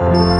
thank you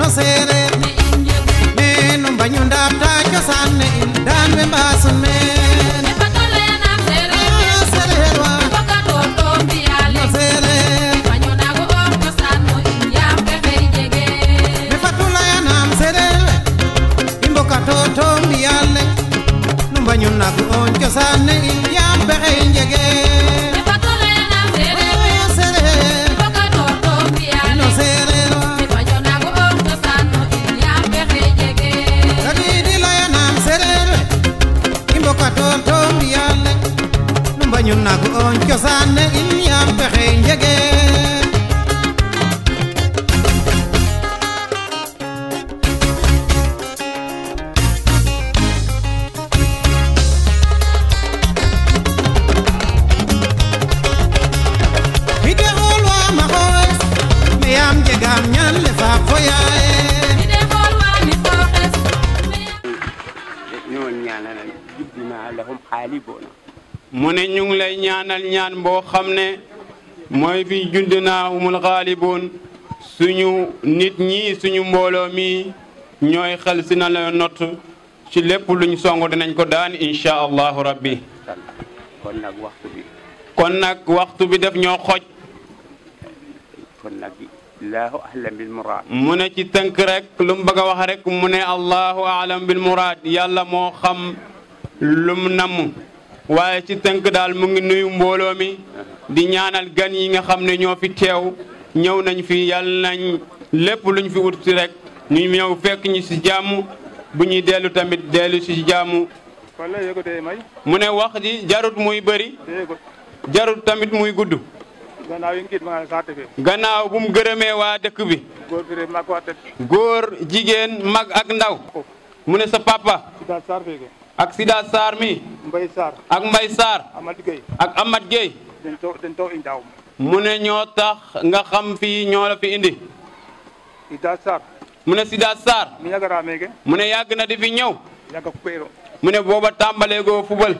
no seereer ne nu mbañu ndaab taa cosaan ne in daan we mbaasu ñu nag oon cosaan ne il yaam pexe njege ñoon ñaanal jibbi maa lahum xaaliboona mu ne ñu ngi lay ñaanal ñaan boo xam ne mooy bi juddinaa umul xaaliboon suñu nit ñi suñu mbooloo mi ñooy xel si na la not ci lépp luñu song dinañ ko daan incha allahu rabbi kon nag waxtu bi def ñoo xoj kon nag allahu mu ne ci tënk rek lu mu bëgg a wax rek mu ne allahu ahlam bil muraad yàlla moo xam lum namm waaye ci tënk daal mu ngi nuyu mbooloo mi di ñaanal gan yi nga xam ne ñoo fi teew ñëw nañ fi yàlla nañ lépp luñ fi uti rek ñu ñëw fekk ñu ci jàmm bu ñuy dellu tamit dellu si jàmm. mu ne wax ji jarut muy bëri jarut tamit muy gudd. gannaaw bu mu gërëmee waa dëkk bi. góor jigéen mag ak ndaw. Oh. mu ne sa papa. ak Sida Sarr mi. Mbaye Sarr ak Mbaye Sarr. Amath Gueye ak Amath Gueye. mu ne ñoo tax nga xam fii ñoo la fi indi. Sida Sarr. mu ne Sida Sarr. mu ne yàgg na di fi ñëw. mu ne booba tàmbalee goo fubal.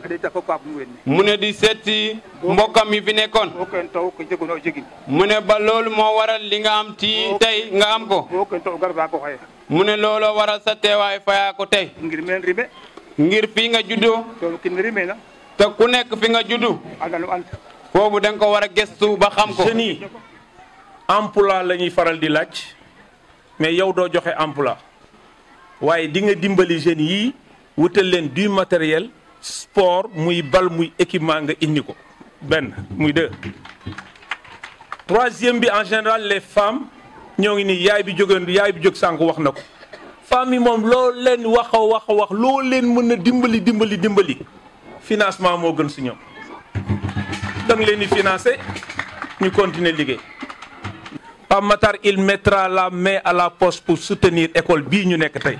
mu ne di seeti mbokkam yi fi nekkoon. mu ne ba loolu moo waral li nga am ci tey nga am ko. mu ne looloo waral sa teewaay fayaa ko tey. ngir fii nga juddoo te ku nekk fi nga juddu foofu da nga ko war a gëstu ba xam ko jeunes yi emploi la ñuy faral di laaj mais yow doo joxe emploi waaye di nga dimbali jeunes yii wutal leen du matériel sport muy bal muy équipement nga indi ko benn muy deux troisième bi en général les femmes ñoo ngi nii yaay bi jógoon yaay bi jóg sànq wax na ko famille moom loo leen wax a wax a wax loo leen mën a dimbali dimbali dimbali financement moo gën si ñoom danga leen di ñu continuer liggéey Pape Matar il mettra la main à la poche pour soutenir école bii ñu nekk tey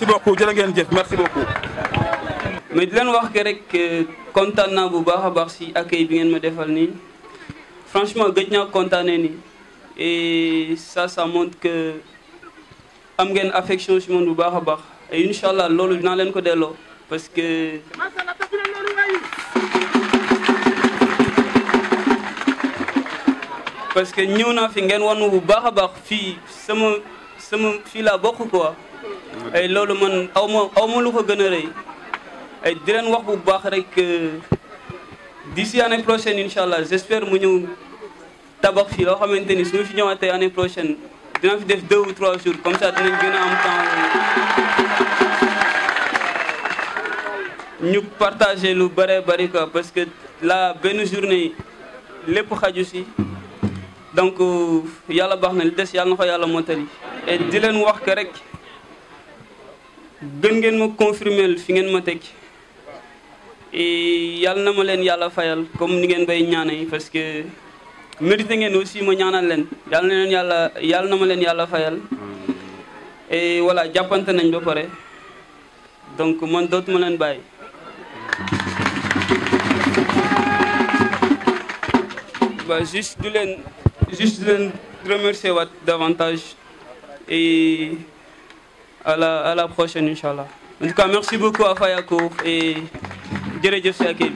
merci beaucoup jërë ngeen jëf merci beaucoup. mais di leen wax que rek kontaan naa bu baax a baax si accueil bi ngeen ma defal nii franchement gëj naa kontaanee nii et ça ça montre que am ngeen affection si man bu baax a baax e incha allah loolu dinaa leen ko delloo parce que. parce que ñëw naa fi ngeen wan bu baax a baax fii sama sama fii laa bokk quoi. ay loolu man aw ma aw ma lu ko gën a rëy ay di leen wax bu baax rek di euh, d'ici année prochaine incha allah j'espère mu ñëw tabax fii loo xamante ni su ñu fi ñëwaatee année prochaine dina fi def deux ou trois jours comme ça dinañ gën a am temps ñu partager lu bare bari quoi parce que la benn journée lépp xaju si donc euh, yàlla baax na li des yàlla na ko yàlla mottali et di leen wax que rek gën ngeen ma confirmer fi ngeen ma teg yàlla na ma leen yàlla fayal comme ni ngeen bay ñaanee parce que mérité ngeen aussi ma ñaanal leen yàlla na leen yàlla na ma leen yàlla fayal. et jàppante nañ ba pare donc man dootuma leen bàyyi. ba juste du leen juste du leen remercier waat davantage à la, à la prochaine, Inch'Allah. En tout cas, merci beaucoup à Fayakour et Djeredjef Siakib.